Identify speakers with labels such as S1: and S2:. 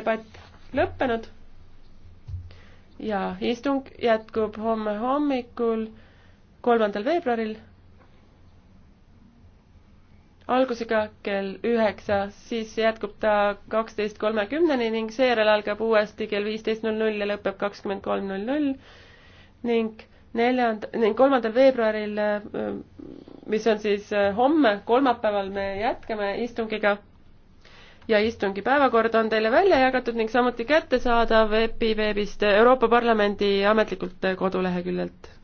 S1: debatt lõppenud ja istung jätkub homme hommikul, kolmandal veebruaril algusega kell üheksa, siis jätkub ta kaksteist kolmekümneni ning seejärel algab uuesti kell viisteist null null ja lõpeb kakskümmend kolm null null ning neljand-, ning kolmandal veebruaril, mis on siis eh, homme, kolmapäeval me jätkame istungiga ja istungi päevakord on teile välja jagatud ning samuti kättesaadav EPI veebist Euroopa Parlamendi ametlikult koduleheküljelt.